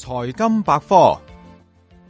財金百科。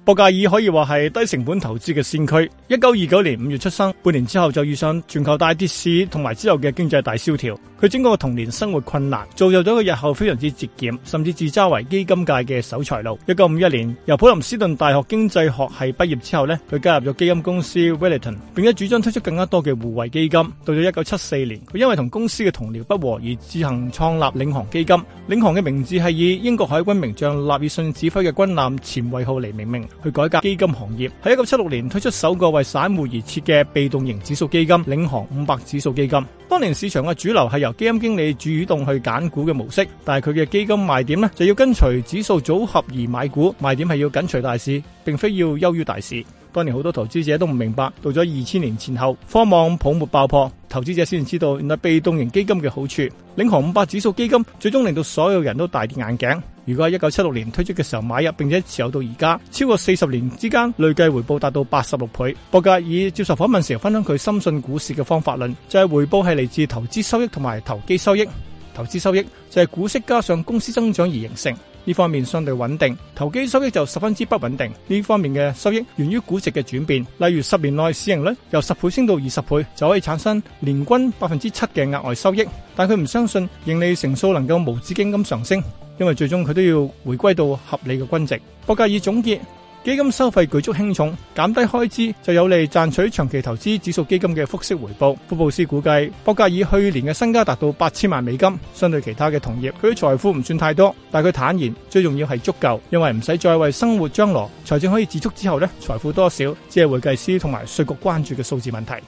博格爾可以話係低成本投資嘅先驅。一九二九年五月出生，半年之後就遇上全球大跌市同埋之後嘅經濟大蕭條。佢整個童年生活困難，造就咗佢日後非常之節儉，甚至自嘲為基金界嘅守財奴。一九五一年，由普林斯頓大學經濟學系畢業之後呢，佢加入咗基金公司 Wellington，並且主張推出更加多嘅互惠基金。到咗一九七四年，佢因為同公司嘅同僚不和而自行創立領航基金。領航嘅名字係以英國海軍名將納爾遜指揮嘅軍艦前衛號嚟命名。去改革基金行業，喺一九七六年推出首個為散戶而設嘅被動型指數基金——領航五百指數基金。當年市場嘅主流係由基金經理主動去揀股嘅模式，但係佢嘅基金賣點呢，就要跟隨指數組合而買股，賣點係要緊隨大市，並非要優於大市。當年好多投資者都唔明白，到咗二千年前後，科網泡沫爆破，投資者先知道原來被動型基金嘅好處。領航五百指數基金最終令到所有人都大跌眼鏡。如果喺一九七六年推出嘅時候買入，並且持有到而家，超過四十年之間累計回報達到八十六倍。博格爾接受訪問時分享佢深信股市嘅方法論，就係、是、回報係嚟自投資收益同埋投機收益。投資收益就係股息加上公司增長而形成，呢方面相對穩定。投機收益就十分之不穩定，呢方面嘅收益源於估值嘅轉變，例如十年內市盈率由十倍升到二十倍就可以產生年均百分之七嘅額外收益。但佢唔相信盈利成數能夠無止境咁上升，因為最終佢都要回歸到合理嘅均值。博格爾總結。基金收費舉足輕重，減低開支就有利賺取長期投資指數基金嘅複息回報。福布斯估計，博格爾去年嘅身家達到八千萬美金，相對其他嘅同業，佢啲財富唔算太多，但佢坦言最重要係足夠，因為唔使再為生活張羅，財政可以自足之後呢，財富多少，只係會計師同埋稅局關注嘅數字問題。